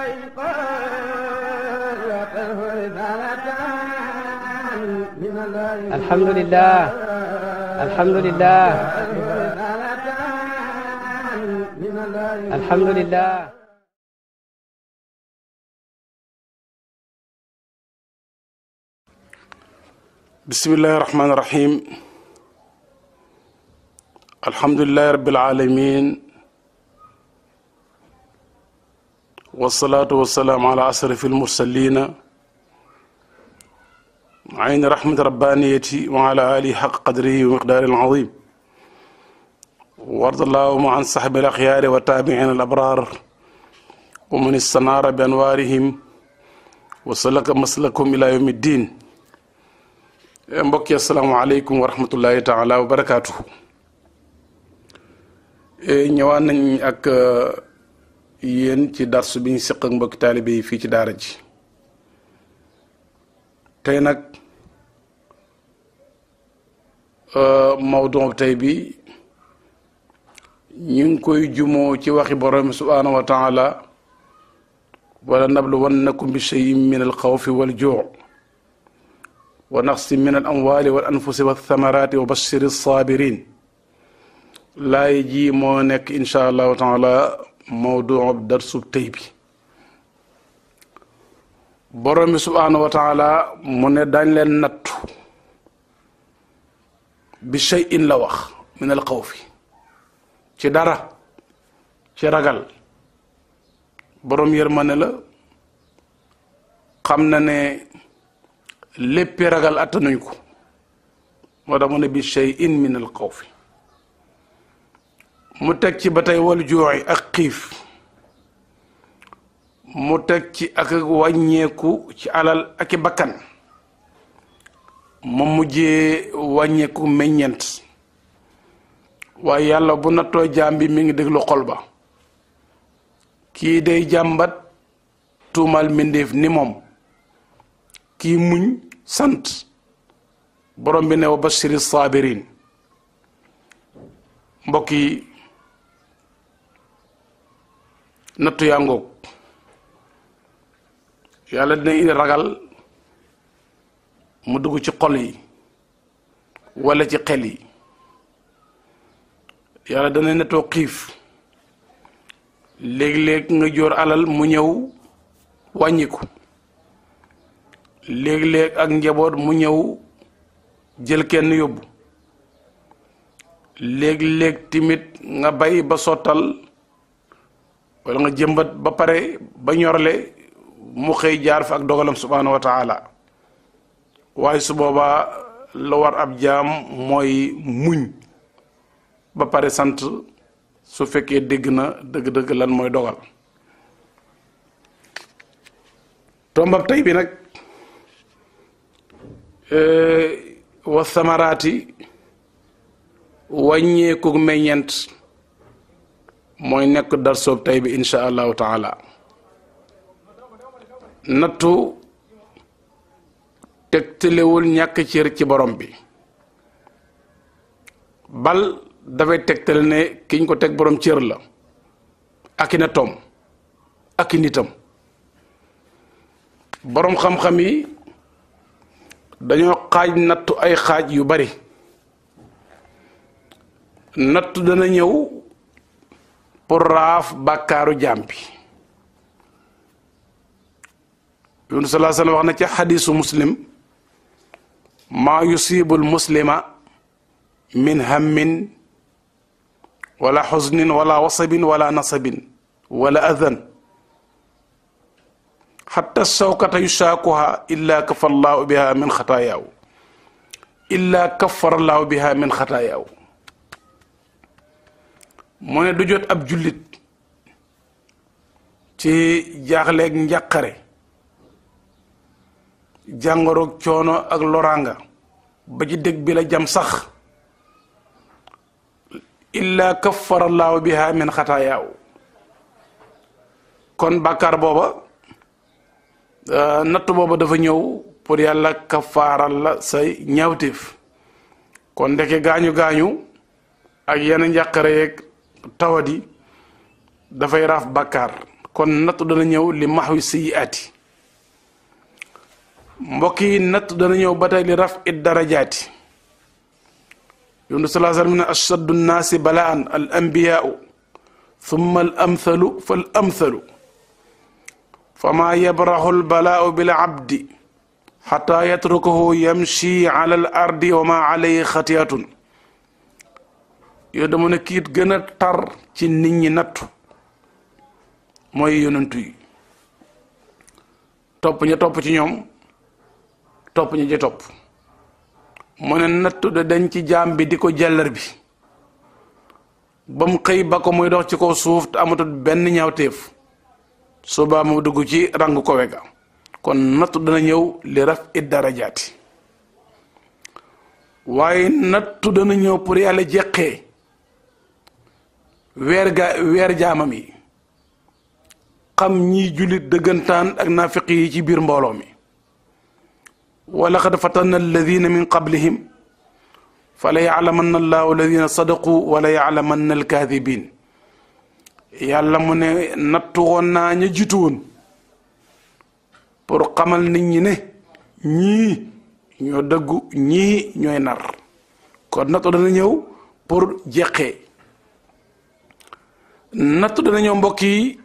alhamdulilah alhamdulilah alhamdulilah. bisimilah rahmaani rahiim alhamdulilah rabbil aalamiin wasalaatu wasalaam ala asrafi almursalina ayni rahmati rabbaniyati wa ala alihi xaq qadrihi wa miqdaari alazim warda allahuma an saxbi alaxyaari wa taabiin alabrar wa man istanaara bi anwaarihim wa salaka maslakum ila yawmi ddin eh, mbokki asalaamaaleykum wa rahmatullahi taala wa barakaatuhu eh, ñëwaan nañ ak yéen ci dars biñ ñu siq ak mbokki taalibe fii ci daara ji tey nag euh, mawduu tey bi ñu ngi koy jumoo ci waxi borom subhaanahu wa taala wala nabluwannakum bi shay'in min al xawfi wal juu wa naqsi min amwaali wal anfusi wa thamaraati wa bashiri saabiriin laay moo nekk incha allahu taala mawduu darsub tey bi borom bi subhaanahu wa taala mu ne dañ leen nattu bi in la wax min al xawfi ci dara ci ragal borom yërmande la xam na ne léppi ragal attanuñ ko moo tax mu ne bi shay'in min al xawfi mu teg ci ba tey wal juuxi ak xiif mu teg ci ak wàññeeku ci alal ak bakkan mu mujjee wàññeeku meññent waaye yàlla bu nattoo jaam bi mi ngi déglu xol ba kii day jàmbat tuumal mbindéef ni moom kii muñ sant borom bi ne wa bashiri saabirin mbokk yi nattu yaa ngoog yàlla dina indi ragal mu dugg ci xol yi wala ci xel yi yàlla dana nettoo xiif léeg-léeg nga jóor alal mu ñëw wàññiku léeg-léeg ak njaboot mu ñëw jël kenn yóbbu léegi léeg timit nga bay ba sottal wala nga jëmbat ba pare ba ñorle mu xëy jaar fa ak dogalam subhaanahu wa waaye su boobaa la war ab jaam mooy muñ ba pare sant su fekkee dégg na dëgg-dëgg lan mooy dogal tombab tey bi nag eh, wa samaraati wàññeekug meññeent mooy nekk darsoob tey bi insha allahu taala nattu tegtalewul ñàkk cër ci borom bi bal dafay tegtale ne kiñ ko teg borom cër la ak i na toom borom xam-xam yi dañoo xaaj nattu ay xaaj yu bari nattu dana ñëw pour raaf bàkkaaru jaam bi wax na ci xadisu muslim maa yusibul muslima min hammin wala xusnin wala wasabin wala nasabin wala adan xatta sawkata yushaakuha illa kafarallahu biha min xataayaaw illa kafarallahu biha min xataayaaw mu ne du jot ab jullit ci jaaxleeg njàqare jàngorook coono ak loraanga ba ci dëgg bi la jam sax illa kaffara bi biha min xataayaaw kon bàkkaar booba natt booba dafa ñëw pour yàlla kaffaaral la sa ñaawteef kon ndeke gaañu gaañu ak yenn njàqare yeeg tawadi dafay raaf bàkkaar kon nattu dana ñëw li maxwi sayyiaati mbokk yi nattu dana ñëw ba tey li raf it darajaati yonent salaa sallam ne ashaddu nnaasi balaan al ambiyaau thumma al amthalu fal amthalu famaa yabraxu al balaau bil abdi xataa yatrukahu yamshi ala al ardi wa ma alayhi xatiyatun yow dama ne kiit gën a tar ci nit ñi nattu mooy yonantu yi topp ña topp ci ñoom topp ña ca topp mu ne nattu de dañ ci jaam bi di ko jàllar bi ba mu xëy ba ko muy dox ci kaw suuf te amatul benn ñaawteef suba mu dugg ci rangu ko wega kon nattu dana ñëw li raf it darajaati waaye nattu dana ñëw pour yàlla jeqee weer ga weer yi xam ñi jullit dëggantaan ak naafiq yi ci biir mbooloo mi wa laqad fatanna alladina min qablihim fa la yaalamanna allahu alladina sadaqu wa la yaalamanna alkaadibin yàlla mu ne nattu woon naa ña jiitu woon pour xamal ni ñi ne ñii ñoo dëggu ñii ñooy nar kon nattu dana ñëw pour jeqee natt dana ñëw mbokk yi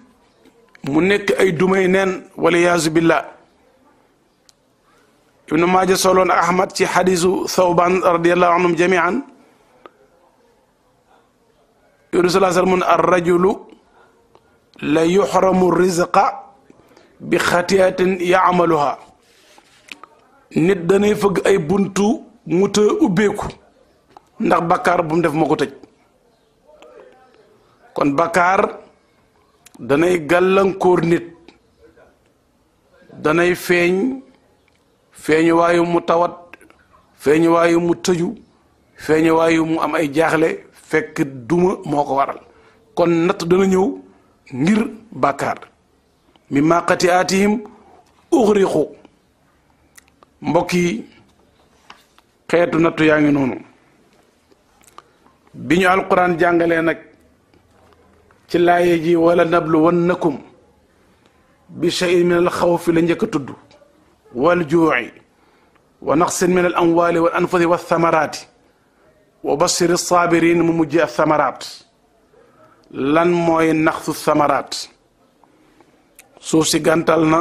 mu nekk ay dumay neen wala yaasu billah ibnu maaja soloon ak ahmad ci xadisu thawban radiallahu anhum jamian yonu salaa rajulu la yuxramu rizqa bi xatiatin yaamaluha nit danay fëgg ay buntu mu të ubbeeku ndax bakkaar bu mu def tëj kon bakkaar danay gàllankoor nit danay feeñ feeñuwaayu mu tawat feeñuwaayu mu tëju feeñuwaayu mu am ay jaaxle fekk duma moo ko waral kon natt dana ñëw ngir bàkkaar mi màqati aatihim uxriqu mbokk yi xeetu nattu yaa ngi noonu bi ñu alquran jàngalee nag ci laaye ji wala nabluwannakum bi cheyin min al xawfi la njëkk a tudd wal juuci wa naqsin min al amwaali wal anfusi wa thamaraati wa bashiri saabirin mu mujjee ak thamaraat lan mooy naqsu thamaraat suuf si gàntal na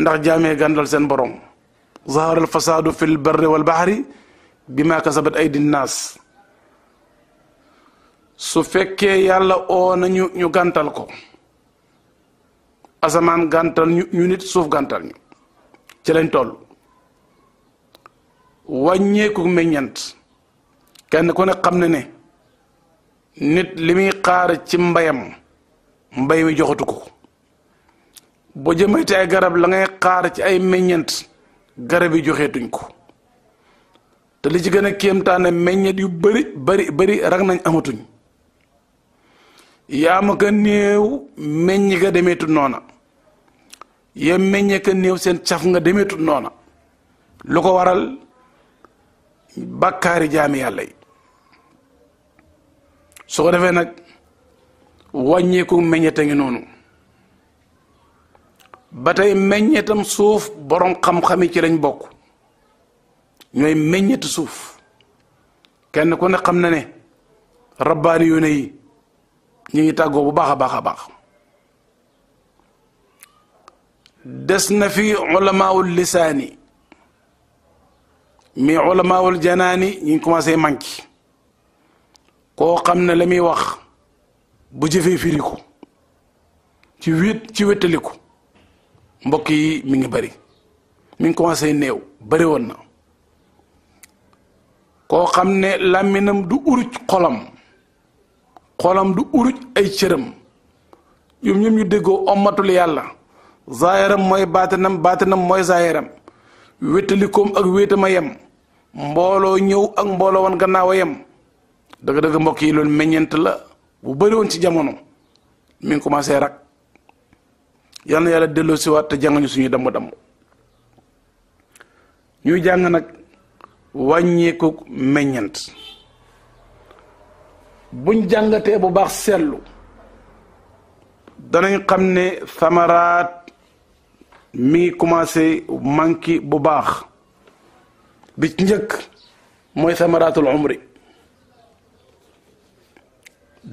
ndax jaamee gàntal seen borom zahara fasaadu fi barri wal bahri bima kasabat aydi nnaas su fekkee yàlla oo nañu ñu gàntal ko asamaan gàntal ñu nit suuf gàntal ñu ci lañ tool wàññeeku meññant kenn ku ne xam ne ne nit li muy xaar ci mbayam mbay mi joxatu ko boo jëmee ci ay garab la ngay xaar ci ay meññant garab yi joxeetuñ ko te li ci gën a kéemtaane meññeent yu bari bari bari rag nañ amatuñ yaa ma ka néew meññ nga demeetut noona ya meññe ka néew seen caf nga demeetut noona lu ko waral bakkaari jaami yàlla yi su ko defee nag wàññeeku meññet a ngi noonu ba tey meññetam suuf borom xam-xami ci lañ bokk ñooy meññetu suuf kenn ku ne xam na ne rabbaani yu ne yi ñu ngi tàggoo bu baax a baax a baax des na fi ulamaawul lisaani mais ulamaawul janaani ñu ngi commencé manqué koo xam ne la muy wax bu jëfee firiku ci wét ci wéttaliku mbokk yi mi ngi bari mi ngi commencé néew bëri woon na koo xam ne làmminam du uruj xolam xolam du uruj ay cëram ñoom ñoom ñu déggoo ommatul yàlla zaayaram mooy baatinam baatinam mooy zaayaram wétalikoom ak wéetama yem mbooloo ñëw ak mbooloo wan gannaaw a yem dëgg-dëgg mbokk yi loolu meññeent la bu bëri woon ci jamono mi ngi commencé rak yal na yàlla delloo si waat te jàngañu suñuy damm damm ñuy jàng nag wàññeeku meññeent buñ jàngatee bu baax seetlu danañ xam ne samaraat mi ngi commencé manqué bu baax bi njëkk mooy samaraatul umri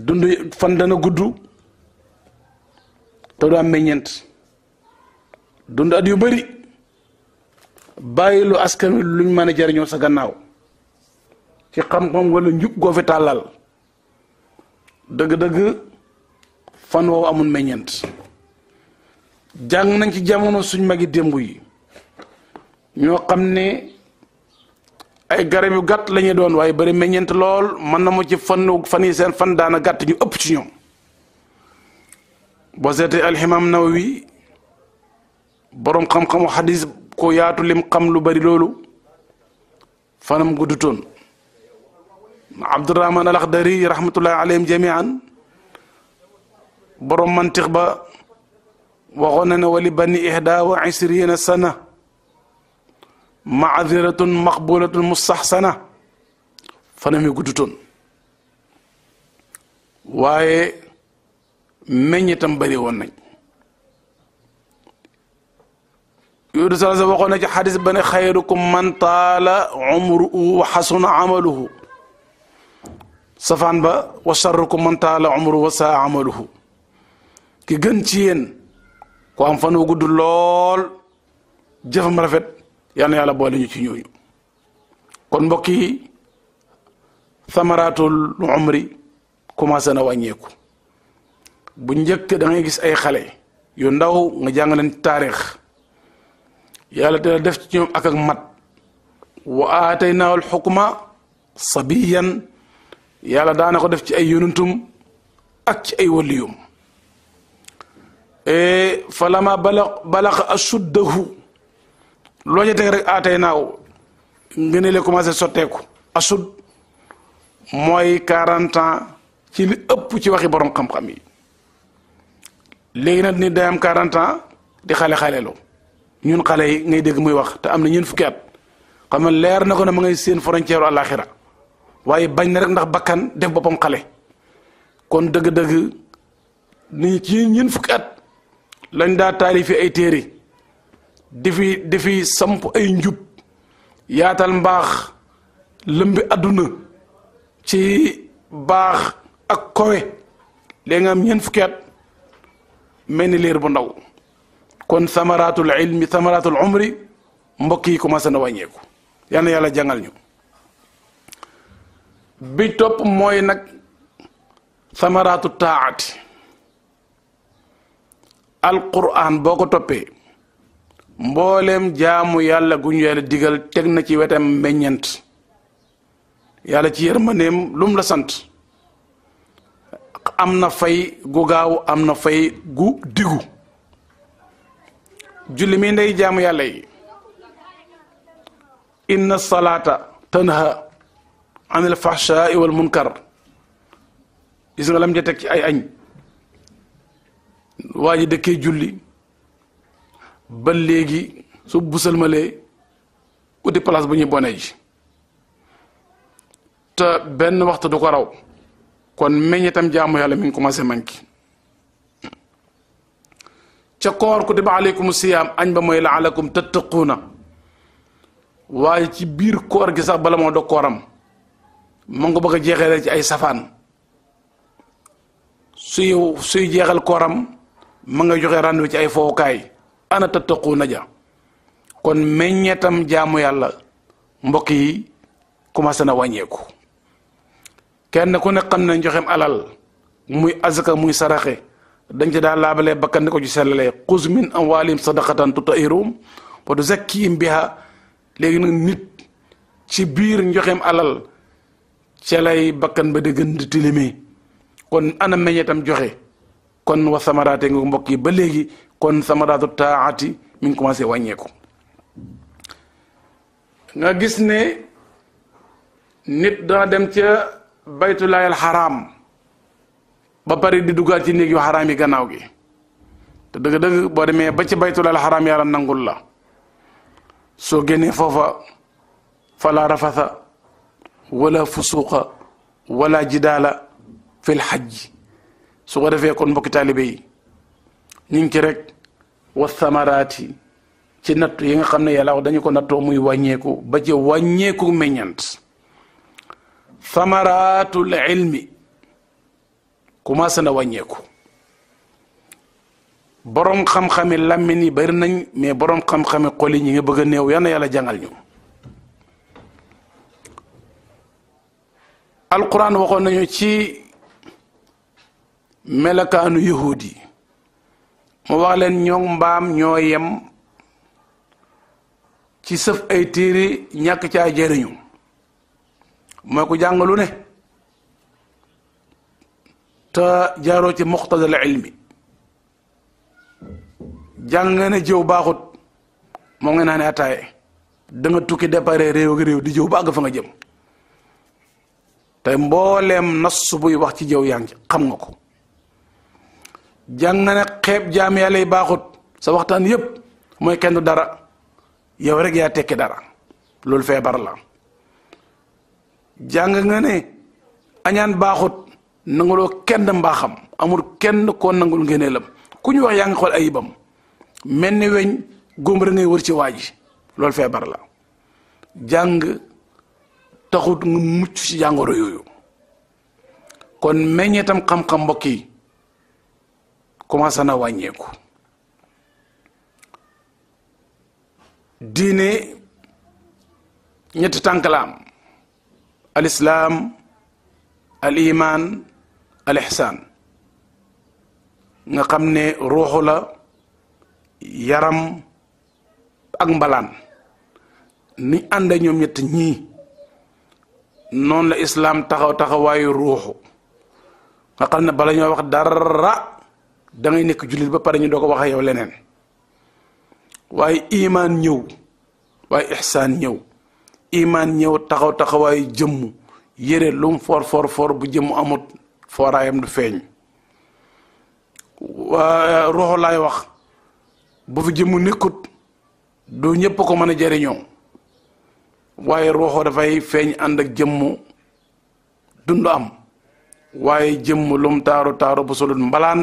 dund fan dana gudd te du am meññeent dund at yu bëri bàyyi lu askan wi luñ mën a jariñoo sa gannaaw ci xam-xam wala njub goo fi tàllal dëgg-dëgg fan woowu amul meññeent jàng nañ ci jamono suñ magi démb yi ñoo xam ne ay garab yu gàtt la doon waaye bari meññeent lool mën na mu ci fan fan yi seen fan daana gàtt ñu ëpp ci ñoom boo seetee alximaam Nawawi boroom xam-xamu xadis ko yaatu lim xam lu bari loolu fanam guddutoon abdurahman al axdari rahmatullahi alayhim jamian borom mantiq ba waxoon na ne wali bani ihda wa ishrina sana maadiratun maqbulatun mustaxsana fanam yi guddutoon waaye meññitam bëri woon nañ yoodu sa waxoon na ci xadis ba ne man taala umruhu wa xasuna amaluhu safaan ba wa charrukum man taala umru wa saa amaluhu ki gën ci yéen ku am fan wu gudd lool jëfam rafet yal na yàlla boole ñu ci ñooñu kon mbokk yi thamaraatul umri commencé na wàññeeku bu njëkk da ngay gis ay xale yu ndaw nga jàng leen taarix yàlla dina def ci ñoom ak ak mat wa aataynaawul xukma sabiyan yàlla daana ko def ci ay yonantum ak ci ay waliyum e, fa lama bala balax asuddahu loo ca teg rek aatay naaw ngë ne le commencé sotteeku asud mooy quarante ans ci li ëpp ci waxi borom xam-xam yi léegi nag nit day am quarante ans di xale-xalelu ñun xale yi ngay dégg muy wax te am na ñeen fukki at xam leer na ko ne ma ngay seen frontière àllaaxira waaye bañ na rek ndax bakkan def boppam xale kon dëgg-dëgg ni ci ñun fukki at lañ daa taalifi ay téere di fi samp ay njub yaatal mbaax lëmbi àdduna ci baax ak kowe léegi nga am ñeent fukki at mel ni liir bu ndaw kon samaraatul ilmi samaraatul umri mbokk yi commencé na wàññeeku yal na yàlla jàngal ñu bi topp mooy nag samaraatu taati alquran boo ko toppee mbooleem jaamu yàlla gu ñu digal teg na ci wetam meññent yàlla ci yërmandeem lum la sant am na fay gu gaaw am na fay gu diggu julli mi ndey jaamu yàlla yi inna salaata tanha anil fahshaai wal munkar gis nga lam ca teg ci ay añ waa ji dëkkee julli ba léegi su busalmalee uti place bu ñuy bone ji te benn waxtu du ko raw kon meññitam jaamu yàlla mi ngi commencé manqué ca koor kutiba aleykum siyaam añ ba mooy laalakum tattaquuna waaye ci biir koor gi sax bala moo kooram man ngi ko bëgg a jeexale ci ay safaan suy suy jeexal kooram ma nga joxe rànd ci ay fowukaay ana tattaqu naja kon meññeetam jaamu yàlla mbokk yi commencé na wàññeeku kenn ku ne xam ne joxem alal muy azaka muy saraxe dañ ci daa laabalee bakkan ko ci sellalee xuz min amwaalihim sadaqatan tutahiruhum wa tuzakkihim biha léegi nag nit ci biir njoxem alal ca lay bakkan ba di gën di tilimee kon ana tam joxe kon wa samaraate nga mbokk yi ba léegi kon samaraatu taati mi ngi commencé wàññeeku nga gis ne nit daa dem ca baytulaayal xaraam ba pare di duggaat ci néeg yu xaraam yi gannaaw gi te dëgg-dëgg boo demee ba ci baytulaayal xaraam yàlla nangul la soo génnee foofa falaa rafasa wala fusuqa wala jidaala fil xajji su ko defee kon mbokki taalibe yi ñu ngi ci rek wa samaraati ci natt yi nga xam ne yàlla wax dañu ko nattoo muy wàññeeku ba ci wàññeeku meññant samaraatul ilmi commencé na wàññeeku borom xam-xami làmmiñ yi bari nañ mais borom xam-xami xol yi ñi nga bëgg a néew yal na yàlla jàngal ñu. alquran waxoon nañu ci melokaanu yahuud yi mu wax leen ñoom mbaam ñoo yem ci sëf ay téere ñàkk caa jëriñu mooy ku jàngalu ne te jaaroo ci muqtadal ilmi jàng nga ne jëw baaxut moo ngi naa ne attaaye da tukki dépare réew ak réew di jëw ba àgg fa nga jëm te mbooleem nas subuy wax ci jëw yaa xam nga ko jàng na ne xeeb jaam yàlla yi baaxut sa waxtaan yépp mooy kenn dara yow rek yaa tekki dara loolu feebar la jàng nga ne añaan baaxut nanguloo kenn mbaaxam amul kenn koo nangul ngéneelam ku ñu wax yaa ngi xool ayibam mel ni weñ góom rek ngay wër ci waa ji loolu feebar la jàng taxut nga mucc ci jàngoro yooyu kon meññeetam xam-xam mbokk yi commencé na wàññeeku diine ñetti tànk la am al nga xam ne ruuxu la yaram ak mbalaan nu ànd ñoom ñett ñii noonu la islaam taxaw taxawaayu ruuxu nga xam ne bala wax dara da nekk jullit ba pare ñu doo ko wax yow leneen waaye imaan ñëw waaye ixsaan ñëw imaan ñëw taxaw taxawaayu jëmm yére lum for for for bu jëmm amut fooraayam du feeñ ruuxu laay wax bu fi jëmm nekkut du ñëpp ko mën a jëriñoo waaye ruuxu dafay feeñ ànd ak jëmm dund am waaye jëmm lum taaru taaru bu solul mbalaan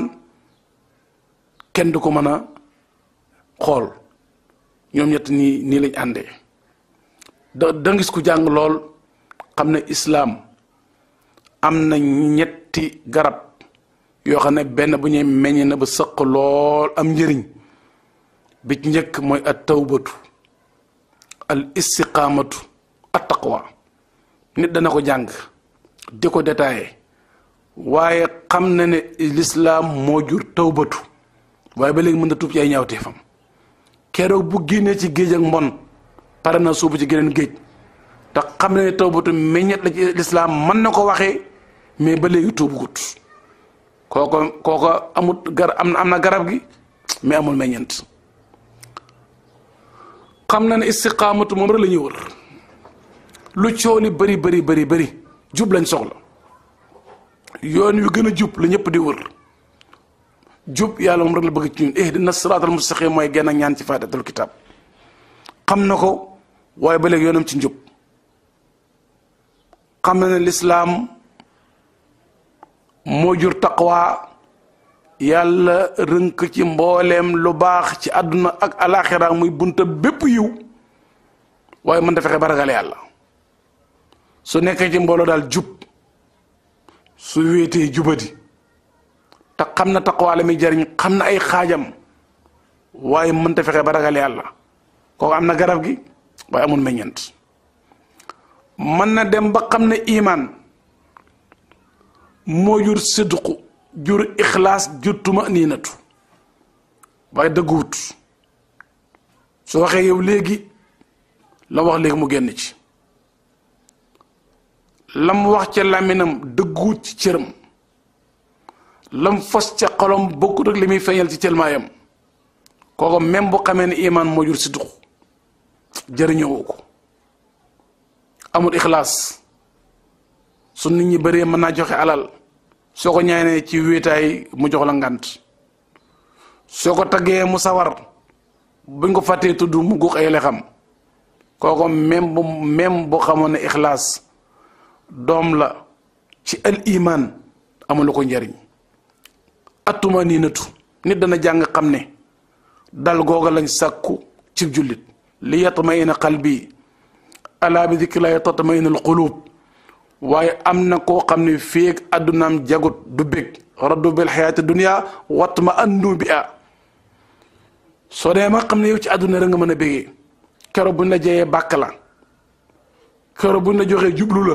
kenn du ko mën a xool ñoom ñett nii nii lañ àndee da da ngis ku jàng lool xam ne islaam am na ñetti garab yoo xam ne benn bu ñuy meññ na ba sëq lool am njëriñ bi njëkk mooy at tawbatu al istiqaamatu at taqwa nit dana ko jàng di ko détaillé waaye xam na ne lislaam moo jur tawbatu waaye ba léegi mën na tuub ci ay ñaawteefam keroog bu génnee ci géej ak mbon pare na suubu ci geneen géej te xam na ne tawbatu meññet la ci lislaam mën na ko waxee mais ba léegi tuubugut kooko kooko amut am na garab gi mais amul meññent xam na ne istiqaamatu moom rek la ñuy wër lu coow li bëri bari bëri jub lañ soxla yoon wi gën a jub la ñëpp di wër jub yàlla moom rek la bëgg ci ñun ihdina siraatal mustaqim mooy genn ak ñaan ci faatatul kitaab xam na ko waaye ba léegi yoonam ci jub xam na ne lislaam moo jur taqwa yàlla rënk ci mbooleem lu baax ci àdduna ak alaxira muy bunta bépp yiw waaye mën da fexe ba ragal yàlla su nekkee ci mbooloo daal jub su wéetee jubadi ta xam na taqwaale mi jariñ xam na ay xaajam waaye mën fexe ba ragal yàlla kooku am na garab gi waaye amul meññeent mën na dem ba xam ne imaan moo jur sidqu jur ixlaas jur tuma niinatu waaye dëgguwut su waxee yow léegi la wax léegi mu génn ci lam wax ca làmminam dëgguwut ci cëram lam fas ca xolom bokkut li muy feeñal ci cëlmaayam kooku même bu xamee ne iman moo jur si dux jëriñoo ko amul ixlaas su nit ñi bëree mën naa joxe alal soo ko ñaanee ci wéetaay mu jox la ngant soo ko taggee mu sawar buñ ko fàttee tudd mu guux ay lexam kooku même bu même bu xamoon ne ixlaas doom la ci al iman amul ko njariñ attuma nii natu nit dana jàng xam ne dal googa lañ sàkku ci jullit li yatma ina qalbi alaa bi dikri laahi tatma ina al waaye am na ko xam ne fii ak addunaam jagut du bég raddu bil xayaati dunia wat ma andu bi a soo demee ma xam ne yow ci adduna rek nga mën a bégee keroog bu la jeyee bàkk la keroog buñ la joxee jublu la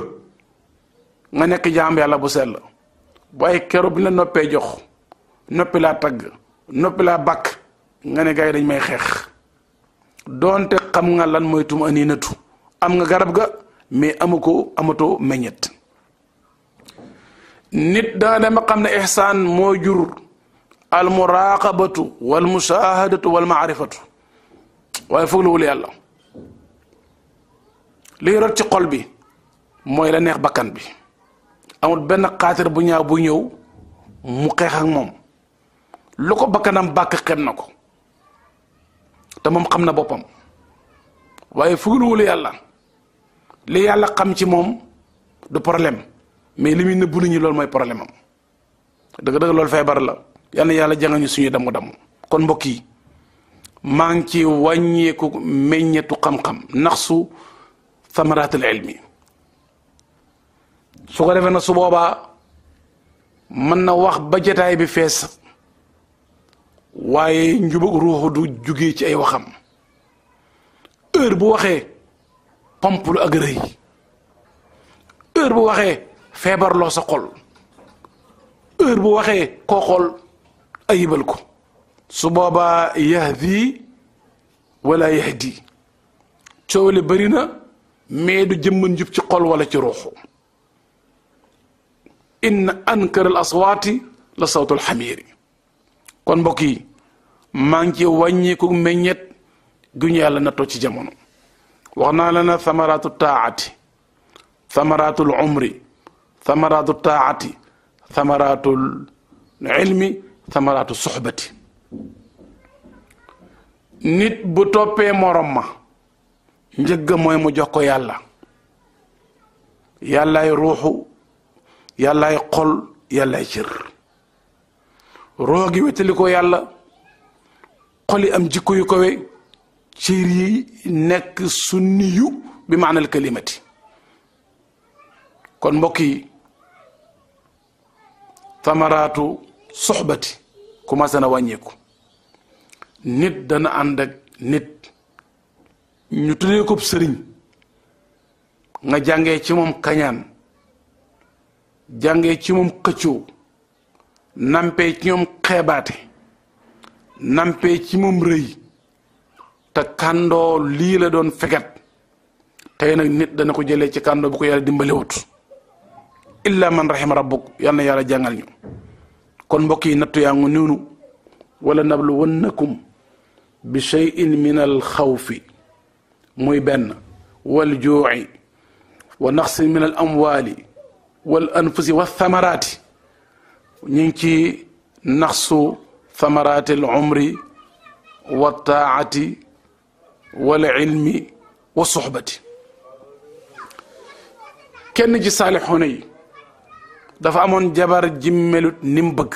nga nekk jaam yàlla bu sell waaye keroog bu la noppee jox noppi laa tagg noppi laa bàkk nga ne gars yi dañ may xeex doonte xam nga lan mooy tum aniinatu am nga garab ga mais amu ko meñet nit dana ma xam na ihsaan moo jur al muraqabatu wal mushahadatu wal maarifatu waaye foog la wul yàlla liy rot ci xol bi mooy la neex bakkan bi amul benn xaatir bu ñaaw bu ñëw mu xeex moom lu ko bakkanam bàkk xem na ko te moom xam na boppam waaye foog la wul yàlla li yàlla xam ci moom du problème mais li muy nëbbu nit ñi loolu mooy problème am dëgg-dëgg loolu feebar la yàlla yàlla jàngal suñu suñuy damm-damm kon mbokk yi maa ngi ci wàññeeku meññetu xam-xam nax su samaraatul ilmi su ko defee na su boobaa mën na wax ba jataay bi fees waaye njubug ruuxu du jugee ci ay waxam heure bu waxee pomp lu ak rëy heure bu waxee feebar loo sa xol heure bu waxee koo xool ayibal ko su boobaa yahdi wala yahdi coow li bëri na mais du jëmman jub ci xol wala ci ruuxu inna na al aswaati la sawtul xamiiri kon mbokk yi maa ngi ci wàññiku meññet gu ñu yàlla nattoo ci jamono wax naa la ne thamaraatu taati thamaraatul umri thamaraatu taati thamaraatul ilmi thamaraatu suxbati nit bu toppee morom ma njëgg mooy mu jox ko yàlla yàllaay ruuxu yàllaay xol yàllaay cër ruux ko yàlla xoli am jikko yu kowe cër yi nekk sunniyu bi maanal kalimati kon mbokk yi tamaraatu soxbati commencé na wàññeeku nit dana ànd ak nit ñu tuddee ko sëriñ nga jàngee ci moom kañaan jàngee ci moom xëccoo nampee ci moom xeebaate nampee ci moom rëy te kandoo lii la doon feket tey nag nit dana ko jëlee ci kandoo bu ko yàlla dimbalewut illa man rahima rabbuk yal na yàlla jàngal ñu kon mbokk yi nattu yaa ngi noonu wala nablu wannakum bi cheyin min al xawfi muy benn wal juuci wa naqsin min al amwaali wal anfusi wa thamaraati ñu ngi ci naqsu thamaraati al umri wa taati wala ilmi wa soxbati kenn ci saalixoona yi dafa amoon jabar jimmelut ni mu bëgg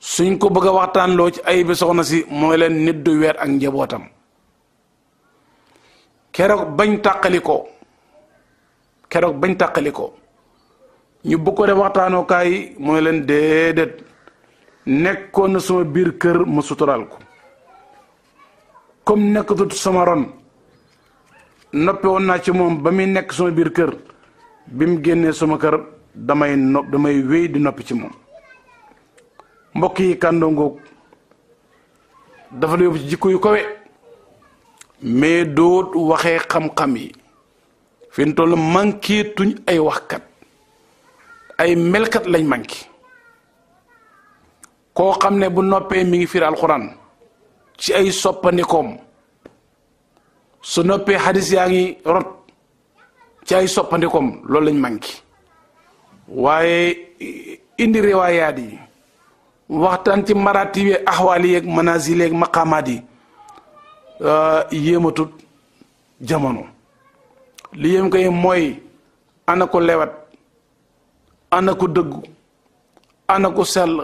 suñ ko bëgg a waxtaan loo ci ay bi soxna si mooy leen nit du weer ak njabootam keroog bañ tàqali ko bañ tàqali ko ñu bëgg ko def waxtaanoo kaay mooy leen déedéet nekkoon na suma biir kër ma suturaal ko comme nekkatut sama ron noppe woon naa ci moom ba muy nekk sama biir kër bi mu génnee sama kër damay nopp damay wéy di noppi ci moom mbokk yi Kando ngoog dafa la yóbbu ci jikko yu kawe mais doot waxee xam-xam yi fi mu toll manqué tuñ ay waxkat ay melkat lañ manqué koo xam ne bu noppee mi ngi fiir alxuraan ci ay soppandikoom su noppee xadis yaa ngi rot ci ay soppandikoom loolu lañ waaye indi riwaayaat waxtaan ci maraati yeeg axwaal yeeg manazil yeeg maqaamaat yi ah, yéematut jamono li yéem koy mooy ana ko lewat ana ko dëggu ana ko sell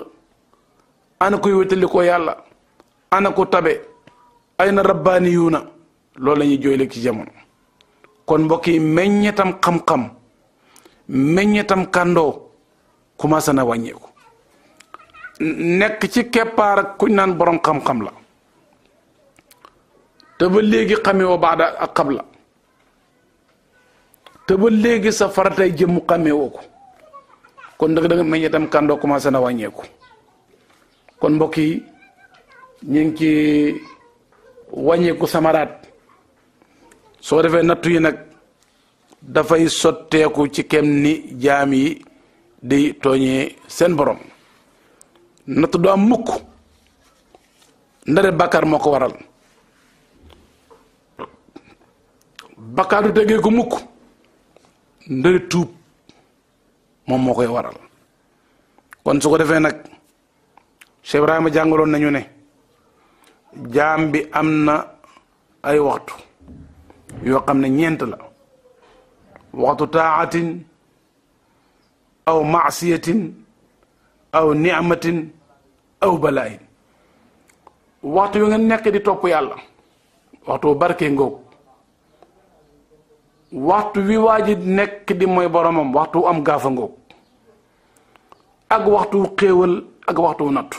ana koy wétali ko yàlla ana ku tabe ay na rabbaaniyuuna loolu la ñuy jooyle ci jamono kon mbokk yi meññetam xam-xam meññetam kàndoo commencé na wàññeeku nekk ci keppaar ku kuñ naan borom xam-xam la te ba léegi xame baada ak xab la te ba léegi sa faratay jëmm xamee ko kon dëgg dëgg meññetam kàndoo commencé na wàññeeku kon mbokk ñu ngi ci wàññiku samaraat soo defee nattu yi nag dafay sotteeku ci kem ni jaam yi di tooñee seen borom nattu du am mukk ndare bàkkaar moo ko waral bàkkaar du tegee ko mukk ndare tuub moom moo koy waral kon su ko defee nag Cheikh Ibrahima jàngaloon nañu ne jaam bi am na ay waxtu yoo xam ne ñeent la waxtu taaxatin aw maasiyatin aw niamatin aw balaayin waxtu yu nga nekk di topp yàlla waxtu barke ngoog waxtu wi waa ji nekk di mooy boromam waxtu am gaafa ngoog ak waxtu xéewal ak waxtu nattu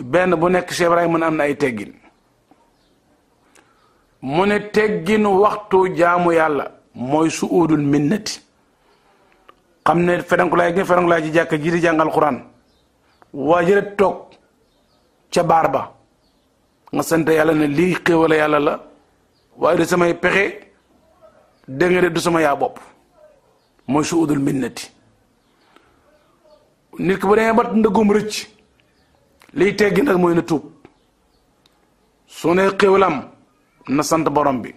benn bu nekk Cheikh Ibrahima mën am na ay teggin mu ne teggin waxtu jaamu yàlla mooy su uudul minnati xam ne ferenkulaay gi ferenkulaay ci jàkk ji di jàngal Alxuraan waa jëre toog ca baar ba nga sant yàlla ne lii xéewal yàlla la waaye du samay pexe dégg nga du sama yaa bopp mooy su uudul minnati nit ki bu demee ba ndëggum rëcc liy teggi nag mooy na tuub su ne xéwalam na sant borom bi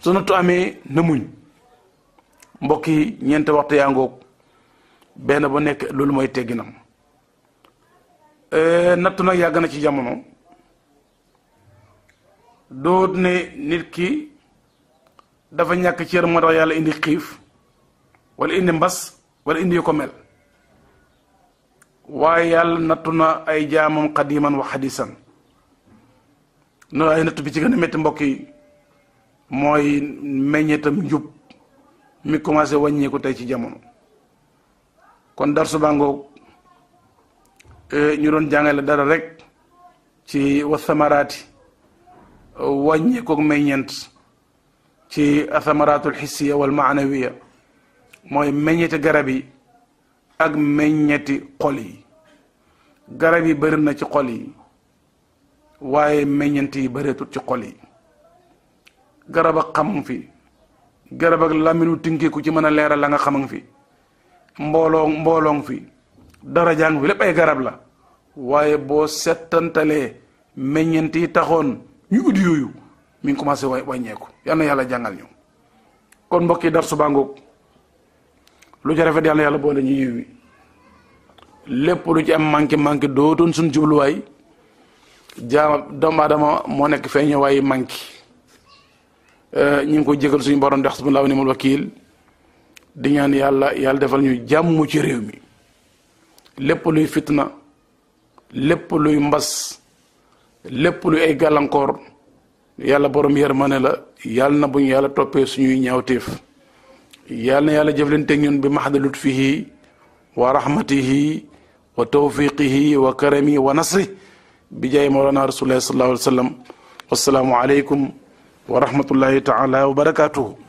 su nattu amee na muñ mbokk yi ñeenti waxtu yaa ngoog benn bu nekk loolu mooy tegginam e, nattu nag yàgg na ci jamono doot ne nit ki dafa ñàkk cër moo tax yàlla indi xiif walla indi mbas wala indi yu waaye yàlla nattu na ay jaamam xadiman wa xadisan na ay nattu bi ci gën a métti mbokk yi mooy meññeetam njub mi commencé wàññeeku tey ci jamono kon darsu bàngoog e, ñu doon jàngale dara rek ci wasamaraati wàññeekoog meññeent ci athamaraatul xissiya wal maanawiya mooy meññeeti garab yi ak meññeeti xol yi garab yi bëri na ci xol yi waaye meññent yi bëreetut ci xol yi garab ak xam fi garab ak laminu tinkeeku ci mën a leeral la nga xaman fi mbooloo mbooloong fi dara fi lépp ay garab la waaye boo settantalee meññent yi taxoon ñu ut yooyu mi ngi commencé wàññeeku yal yàlla jàngal ñu kon mbokk yi dar subaangoog lu ci rafet yàlla yàlla boole ñu yiw wi lépp lu ci am manqué manqué dootoon suñ jubluwaay jaam doomu aadama moo nekk feeñoo waaye manqué euh, ñu ngi koy jégal suñu borom ndax bismilaahi ni'mal wakiil di ñaan yàlla yàlla defal ñu jàmm ci réew mi lépp luy fitna lépp luy mbas lépp luy ay gàllankoor yàlla borom yërmande la yàlla na bu yàlla toppee suñuy ñaawteef yàlla na yàlla jëflante ñun bi maxdalut fihi wa rahmatihi wa tawfiqihi wa karami wa nasri bi jaay mawlana rasulullahi sallallahu alayhi wa sallam wassalaamu aleykum wa rahmatullahi taala wa barakatuhu